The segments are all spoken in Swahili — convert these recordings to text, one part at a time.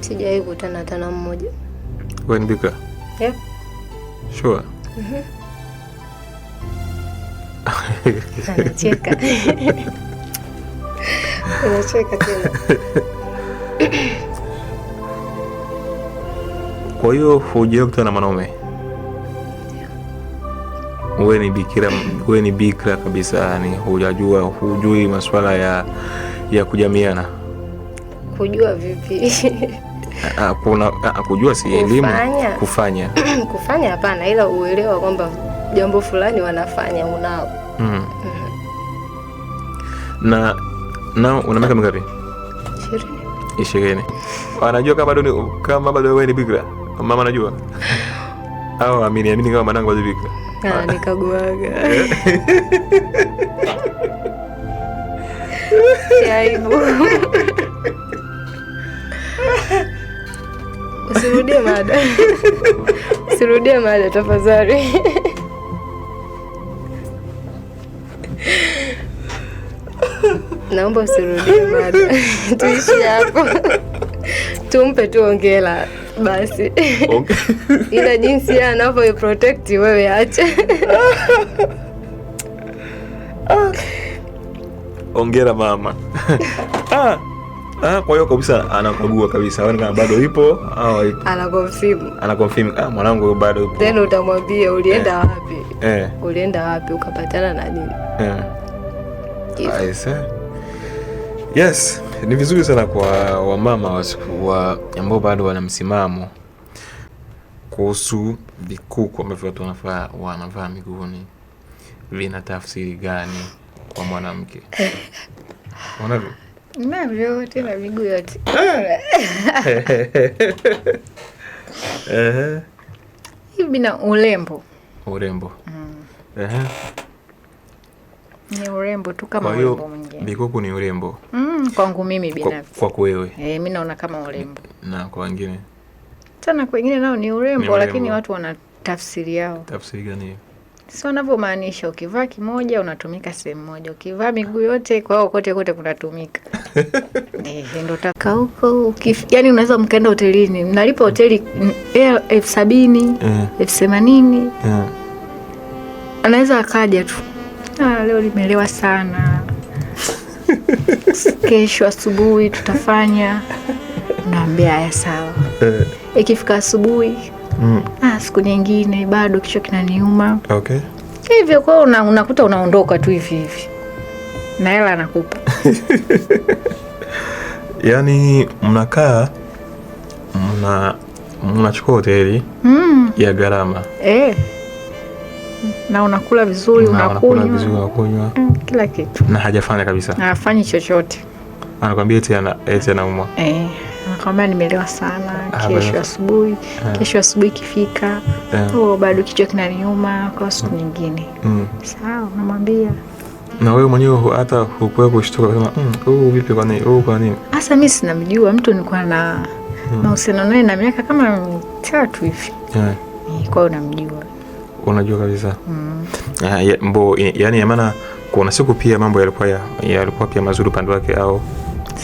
Sijawahi kutana hata na mmoja. Wewe ni bika? Yep. Sure. Mhm. Anacheka. Anacheka tena. Kwa hiyo hujawahi kutana na mwanaume? Wewe ni bikira, wewe ni bikira kabisa, yani hujajua, hujui masuala ya ya kujamiana. Kujua vipi? Ah, kuna ah, kujua si elimu kufanya kufanya, hapana, ila uelewa kwamba jambo fulani wanafanya unao. mm. Mm na una miaka mingapi? ishirini. Wanajua kama bado kama bado wewe ni bikra Mama anajua au amini amini kama mwanangu bado bikra ah, nikaguaga aibu Usirudie mada. Usirudie mada tafadhali. Naomba usirudie mada. Tuishi hapo. Tumpe tu ongela basi. Okay. Ila jinsi yeye anavyo protect wewe acha. Ah. Ongera mama. ah. Ah, kwa hiyo kabisa anakagua kabisa, aone kama bado ipo au haipo. Ana confirm. Ana confirm ah, mwanangu bado ipo. Then utamwambia ulienda eh, wapi? Eh. Ulienda wapi ukapatana na nini? Eh. Aise. Yes, ni vizuri sana kwa wamama wa ambao bado wana msimamo kuhusu vikuku ambavyo watu wanafaa wanavaa miguuni vina tafsiri gani kwa mwanamke? Wanavyo Navyo tena miguu yote eh? hivi na urembo, urembo mm. eh? ni urembo tu kama urembo mwingine. Bikuku ni urembo mm, kwangu mimi binafsi. Kwako wewe? E, eh, mi naona kama urembo na kwa wengine sana kwa wengine nao ni urembo, ni urembo, lakini watu wana tafsiri yao. Tafsiri gani? si wanavyomaanisha. Ukivaa kimoja unatumika sehemu moja, ukivaa miguu yote, kwa hiyo kote kote kunatumika. Eh, Ndo taka huko, yaani unaweza mkaenda hotelini, mnalipa hoteli mm, elfu sabini eh. elfu themanini eh. anaweza akaja tu, ah, leo limelewa sana kesho asubuhi tutafanya. Naambia haya sawa, ikifika asubuhi mm siku nyingine bado kichwa kinaniuma. Okay. Hivyo kwao una, unakuta unaondoka tu hivi hivi na hela anakupa. Yaani mnakaa mna mnachukua hoteli mm. ya gharama e. Na unakula vizuri, unakunywa vizuri, unakunywa mm, kila kitu, na hajafanya kabisa, hafanyi chochote, anakwambia eti anaumwa eh kama nimelewa sana ah, kesho asubuhi, ah. kesho asubuhi ikifika eh. huo bado kichwa kinaniuma kwa siku mm. nyingine. Mm. Sawa, namwambia na wewe mwenyewe hata hukuwa kushtuka kama mm, huu oh, vipi, kwani huu, oh, kwa nini hasa? mi sinamjua mtu, nilikuwa na mahusiano naye na miaka kama mitatu hivi, eh. Eh, kwa hiyo namjua, unajua kabisa ah, mbo, yani maana kuna siku pia mambo yalikuwa yalikuwa pia mazuri upande wake au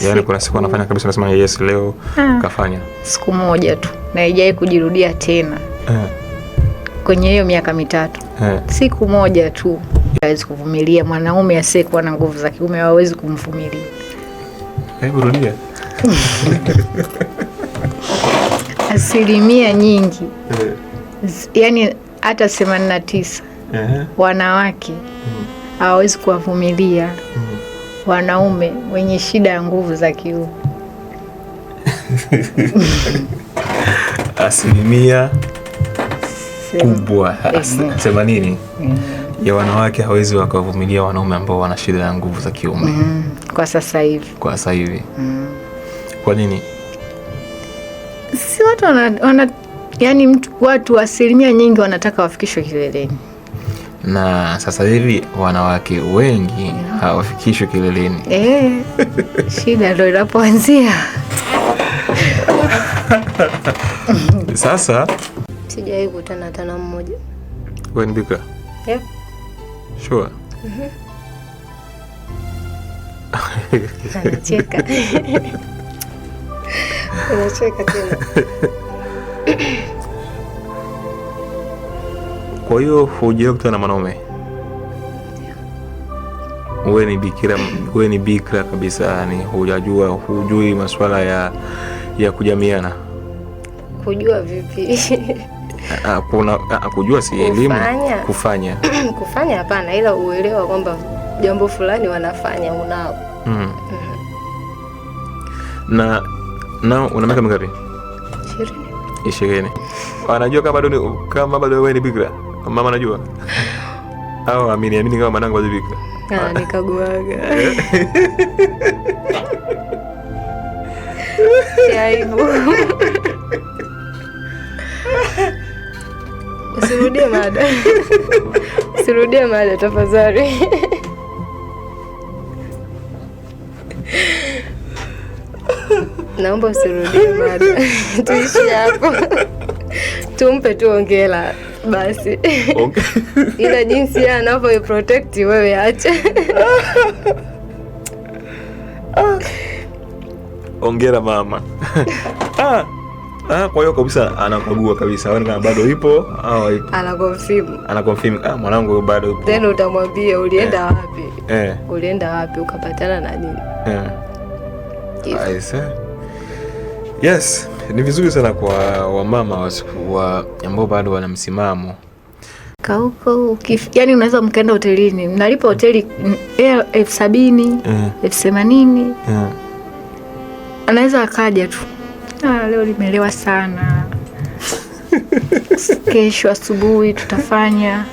Yaani kuna siku anafanya kabisa, anasema yes, leo ha. Ah. kafanya siku moja tu na haijai kujirudia tena ha. Eh. kwenye hiyo miaka mitatu ha. Eh. siku moja tu. Hawezi kuvumilia mwanaume asiyekuwa na nguvu za kiume, hawezi kumvumilia. Hebu rudia. Asilimia nyingi ha. Eh. yaani hata themanini na tisa eh, wanawake mm. hawawezi mm, kuwavumilia wanaume wenye shida ya nguvu za kiume asilimia kubwa themanini mm. ya wanawake hawezi wakawavumilia wanaume ambao wana shida ya nguvu za kiume mm. kwa sasa hivi, kwa sasa hivi mm. kwa nini? si watu wana, wana, yani mtu, watu asilimia nyingi wanataka wafikishwe kileleni na sasa hivi wanawake wengi hawafikishwi kileleni. E, shida ndo inapoanzia sasa. Sijawahi kutana tana mmoja. Wenbika yep. Sure. mm -hmm. Anacheka. Anacheka tena Kwa hiyo hujawahi kukutana na mwanaume? Wewe ni bikira, wewe ni bikira kabisa, yani hujajua, hujui masuala ya ya kujamiana. Kujua vipi? Ah, ah, kuna ah, kujua si elimu kufanya kufanya, hapana, ila uelewa kwamba jambo fulani wanafanya unao. mm. mm na na una miaka mingapi? 20. ishirini. Anajua kama bado ni kama bado wewe ni bikira mama anajua au amini amini kama mwanangu wajibika ah, nikaguaga aibu. Usirudie mada, usirudie mada tafadhali. Naomba usirudie mada, tuishi hapo, tumpe tuongela basi okay. ila jinsi yeye anavyo protect wewe acha. Ah. Ongera mama. ah. Ah, kwa hiyo kabisa anakagua kabisa aone kama bado ipo au ah, ipo. Anakonfirm. Anakonfirm ah, mwanangu bado ipo. Then utamwambia ulienda eh, wapi? Eh. Ulienda wapi ukapatana na nini? Eh. Aise. Yes ni vizuri sana kwa wamama wa ambao bado wana msimamo kauko. Yani unaweza mkaenda hotelini, mnalipa hoteli mm, elfu sabini eh. elfu themanini eh. anaweza akaja tu, ah, leo limelewa sana kesho asubuhi tutafanya.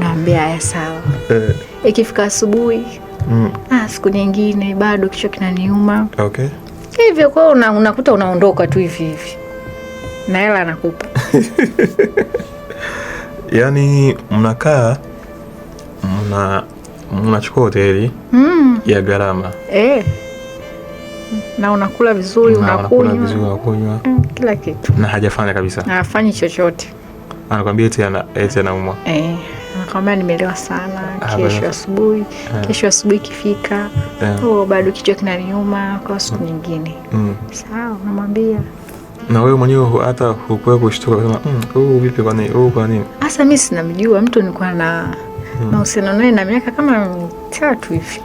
Naambia haya sawa. Eh. Ikifika asubuhi, mm. ah, siku nyingine bado kichwa kinaniuma. Okay hivyo kwa una, unakuta unaondoka tu hivi hivi na hela anakupa. Yaani mnakaa mna mnachukua hoteli mm. ya gharama eh. na unakula vizuri unakunywa vizuri unakunywa mm, kila kitu na hajafanya kabisa, hafanyi chochote, anakwambia eti anaumwa eh. Nakwambia nimelewa sana, ah, kesho asubuhi, ah. kesho asubuhi ikifika, oh, bado kichwa kinaniuma kwa siku mm. nyingine. Mm. Sawa, namwambia na wewe mwenyewe hata hukuwa kushtuka mm, huu oh, vipi, kwa nini huu, oh, kwa nini hasa? mi sinamjua mtu, nilikuwa na mahusiano naye na miaka kama mitatu hivi,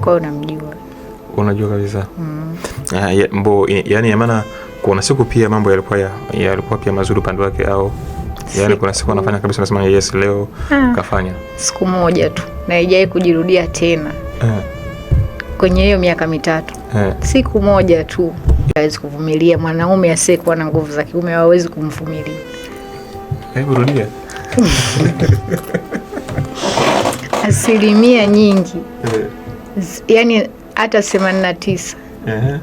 kwa unamjua, unajua kabisa ah, mbo, yaani maana kuna siku pia mambo yalikuwa yalikuwa pia mazuri upande wake au Yaani kuna siku anafanya kabisa, nasema yes, leo ah, kafanya siku moja tu na haijai kujirudia tena eh, kwenye hiyo miaka mitatu eh, siku moja tu. Hawezi kuvumilia mwanaume asiyekuwa na nguvu za kiume, hawezi kumvumilia. Hebu rudia. Asilimia nyingi yani eh. yaani hata themanini na tisa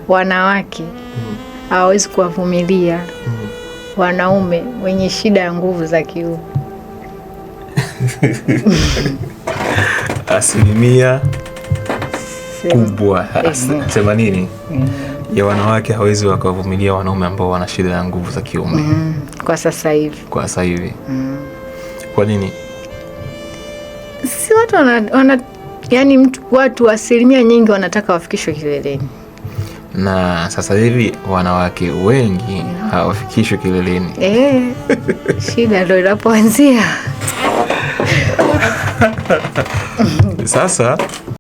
wanawake mm. hawawezi kuwavumilia hmm wanaume wenye shida ya nguvu za kiume asilimia kubwa themanini mm ya wanawake hawezi wakawavumilia wanaume ambao wana shida ya nguvu za kiume mm kwa sasa hivi, kwa sasa hivi mm kwa nini? si watu wana, wana, yani mtu, watu asilimia nyingi wanataka wafikishwe kileleni na sasa hivi wanawake wengi hawafikishwi kileleni. E, shida ndo inapoanzia sasa.